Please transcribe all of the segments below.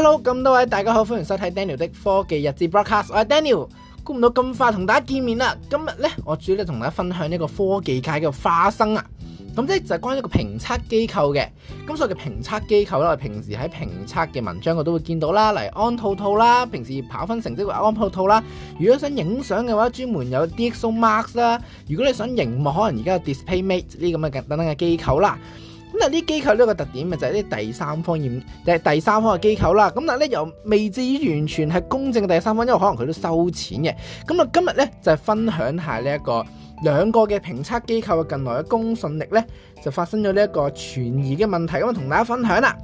hello，咁多位大家好，歡迎收睇 Daniel 的科技日誌 broadcast，我係 Daniel，估唔到咁快同大家見面啦，今日咧我主要咧同大家分享呢個科技界嘅花生啊，咁即係就係關於一個評測機構嘅，咁所謂嘅評測機構咧，我平時喺評測嘅文章我都會見到啦，例如安兔兔啦，平時跑分成績會安兔兔啦，如果想影相嘅話，專門有 DXOMARK 啦，如果你想熒幕，可能而家有 DisplayMate 呢啲咁嘅等等嘅機構啦。嗱，呢機構呢個特點咪就係呢第三方驗，第三方嘅機構啦。咁但係咧，又未至於完全係公正嘅第三方，因為可能佢都收錢嘅。咁啊，今日咧就係分享下呢一個兩個嘅評測機構嘅近來嘅公信力咧，就發生咗呢一個存疑嘅問題，咁同大家分享啦。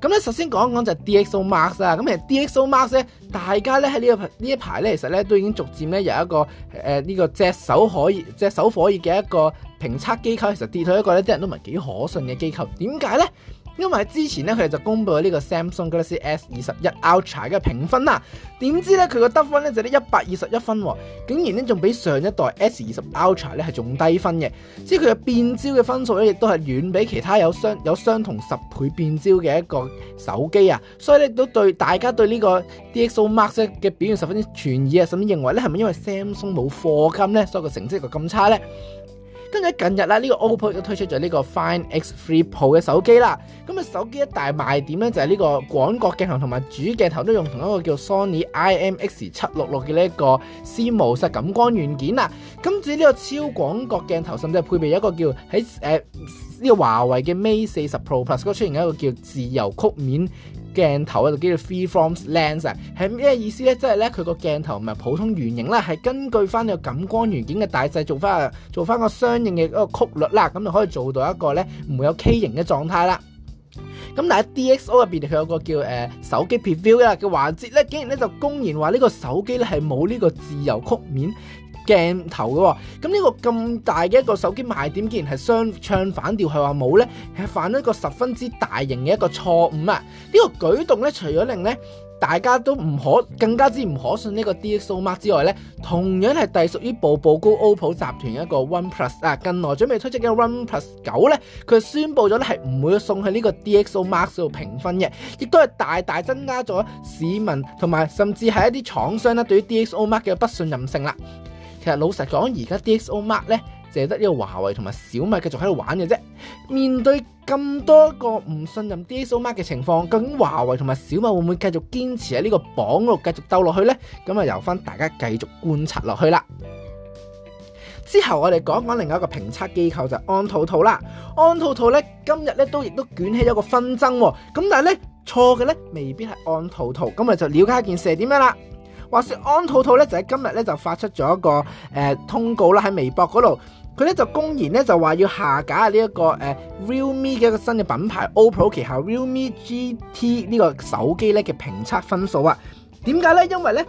咁咧，首先講講就係 DXO Max 啦。咁其實 DXO Max 咧，大家咧喺呢個呢一排咧，排其實咧都已經逐漸咧有一個誒呢、呃這個隻手可以隻手可以嘅一個評測機構。其實跌到一個咧，啲人都唔係幾可信嘅機構。點解咧？因為喺之前咧，佢哋就公布咗呢個 Samsung Galaxy S 二十一 Ultra 嘅評分啦。點知咧，佢個得分咧就咧一百二十一分，啊，竟然咧仲比上一代 S 二十 Ultra 咧係仲低分嘅。即係佢嘅變焦嘅分數咧，亦都係遠比其他有相有相同十倍變焦嘅一個手機啊。所以咧都對大家對呢個 DXOMark 嘅表現十分之存疑啊，甚至認為咧係咪因為 Samsung 冇課金咧，所以個成績就咁差咧？咁喺近日咧，呢、這個 OPPO 都推出咗呢個 Find X3 Pro 嘅手機啦。咁啊，手機一大賣點咧，就係呢個廣角鏡頭同埋主鏡頭都用同一個叫 Sony IMX 七六六嘅呢一個 CMOS 感光元件啦。咁至於呢個超廣角鏡頭，甚至係配備咗一個叫喺誒呢個華為嘅 Mate 四十 Pro Plus 嗰出現一個叫自由曲面。鏡頭嗰叫做 freeform lens 啊，係咩意思咧？即係咧，佢個鏡頭唔係普通圓形啦，係根據翻個感光元件嘅大細做翻，做翻個相應嘅嗰個曲率啦，咁就可以做到一個咧唔有 K 型嘅狀態啦。咁但係 D X O 入邊佢有個叫誒手機 preview 嘅環節咧，竟然咧就公然話呢個手機咧係冇呢個自由曲面。鏡頭嘅咁呢個咁大嘅一個手機賣點，竟然係相唱反調，係話冇呢，係犯咗一個十分之大型嘅一個錯誤啊！呢、這個舉動呢，除咗令呢大家都唔可更加之唔可信呢個 D X O Mark 之外呢，同樣係隸屬於步步高 OPPO 集團一個 One Plus 啊，近來準備推出嘅 One Plus 九呢，佢宣布咗呢係唔會送去呢個 D X O Mark 度評分嘅，亦都係大大增加咗市民同埋甚至係一啲廠商呢對於 D X O Mark 嘅不信任性啦。其實老實講，而家 D X O Mark 咧，就係得呢個華為同埋小米繼續喺度玩嘅啫。面對咁多個唔信任 D X O Mark 嘅情況，究竟華為同埋小米會唔會繼續堅持喺呢個榜度繼續鬥落去呢？咁啊，由翻大家繼續觀察落去啦。之後我哋講講另外一個評測機構就係安兔兔啦。安兔兔咧，今日咧都亦都捲起咗個紛爭，咁但係咧，錯嘅咧未必係安兔兔，咁我就了解一件事係點樣啦。話説安兔兔咧就喺今日咧就發出咗一個誒通告啦，喺微博嗰度，佢咧就公然咧就話要下架呢一個誒 Realme 嘅一個新嘅品牌 Oppo 旗下 Realme GT 呢個手機咧嘅評測分數啊，點解咧？因為咧。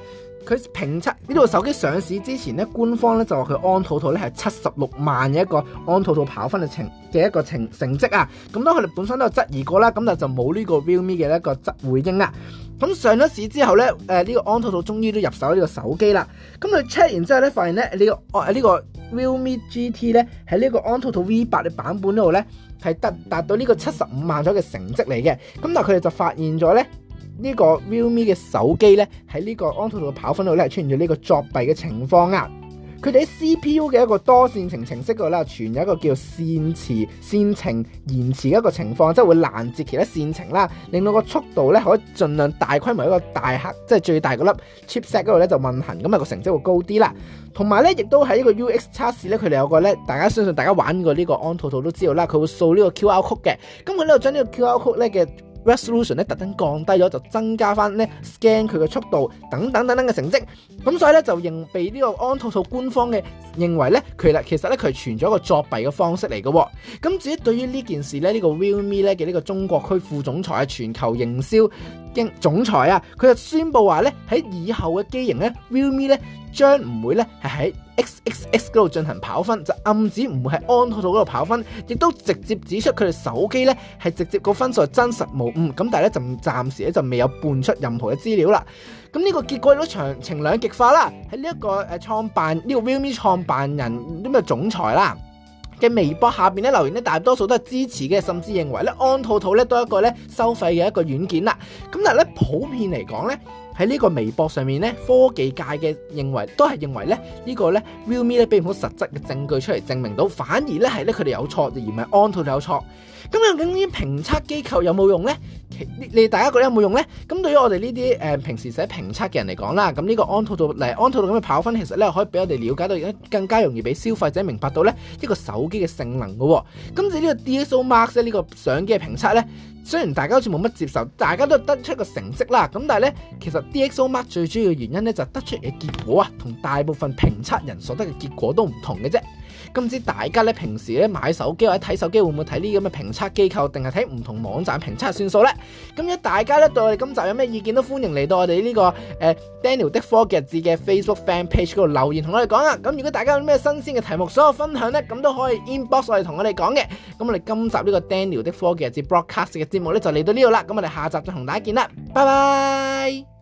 佢評測呢部手機上市之前咧，官方咧就話佢安兔兔咧係七十六萬嘅一個安兔兔跑分嘅成嘅一個成成績啊。咁當佢哋本身都有質疑過啦，咁但就冇呢個 Realme 嘅一個質回應啊。咁上咗市之後咧，誒、呃、呢、這個安兔兔終於都入手呢個手機啦。咁佢 check 完之後咧，發現咧、這個這個、呢個哦呢個 Realme GT 咧喺呢個安兔兔 V 八嘅版本度咧係達達到呢個七十五萬左右嘅成績嚟嘅。咁但佢哋就發現咗咧。個呢個 Realme 嘅手機咧，喺呢個安兔兔跑分度咧，係出現咗呢個作弊嘅情況啊！佢哋喺 CPU 嘅一個多線程程式嗰度咧，存有一個叫線遲、線程延遲一個情況，即係會攔截其他線程啦，令到個速度咧可以儘量大規模一個大核，即係最大嗰粒 chipset 嗰度咧就運行，咁啊個成績會高啲啦。同埋咧，亦都喺呢個 UX 測試咧，佢哋有個咧，大家相信大家玩過呢個安兔兔都知道啦，佢會掃呢個 QR code 嘅，咁佢呢度將呢個 QR code 咧嘅。Resolution 咧，特登降低咗，就增加翻咧 scan 佢嘅速度等等等等嘅成績，咁所以咧就仍被呢個安兔兔官方嘅認為咧，佢啦其實咧佢係存咗一個作弊嘅方式嚟嘅。咁至於對於呢件事咧，呢、這個 Realme 咧嘅呢個中國區副總裁啊，全球營銷經總裁啊，佢就宣布話咧喺以後嘅機型咧，Realme 咧將唔會咧係喺。X X X 嗰度進行跑分，就暗指唔會喺安兔兔嗰度跑分，亦都直接指出佢哋手機咧係直接個分數係真實無誤。咁但係咧就暫時咧就未有放出任何嘅資料啦。咁呢個結果都長情兩極化啦。喺呢一個誒創辦呢個 Realme 創辦人呢個總裁啦嘅微博下邊咧留言咧大多數都係支持嘅，甚至認為咧安兔兔咧都係一個咧收費嘅一個軟件啦。咁但係咧普遍嚟講咧。喺呢個微博上面咧，科技界嘅認為都係認為咧，呢個咧 Realme 咧俾唔到實質嘅證據出嚟證明到，反而咧係咧佢哋有錯，而唔係安兔 e 有錯。咁有冇啲評測機構有冇用咧？其你大家覺得有冇用咧？咁對於我哋呢啲誒平時寫評測嘅人嚟講啦，咁呢個安兔兔嚟安兔兔咁嘅跑分，其實咧可以俾我哋了解到，更加容易俾消費者明白到咧一個手機嘅性能嘅。咁至於呢個 d s o Max 呢個相機嘅評測咧。雖然大家好似冇乜接受，大家都得出個成績啦，咁但係呢，其實 DXO Mark 最主要嘅原因呢，就係得出嚟嘅結果啊，同大部分評測人所得嘅結果都唔同嘅啫。咁唔知大家咧，平時咧買手機或者睇手機，會唔會睇呢啲咁嘅評測機構，定係睇唔同網站評測算數咧？咁一大家咧對我哋今集有咩意見都歡迎嚟到我哋呢、這個誒、呃、Daniel 的科技日誌嘅 Facebook Fan Page 嗰度留言同我哋講啊！咁如果大家有咩新鮮嘅題目，所有分享咧，咁都可以 inbox 我哋同我哋講嘅。咁我哋今集呢個 Daniel 的科技日誌 Broadcast 嘅節目咧就嚟到呢度啦。咁我哋下集再同大家見啦，拜拜。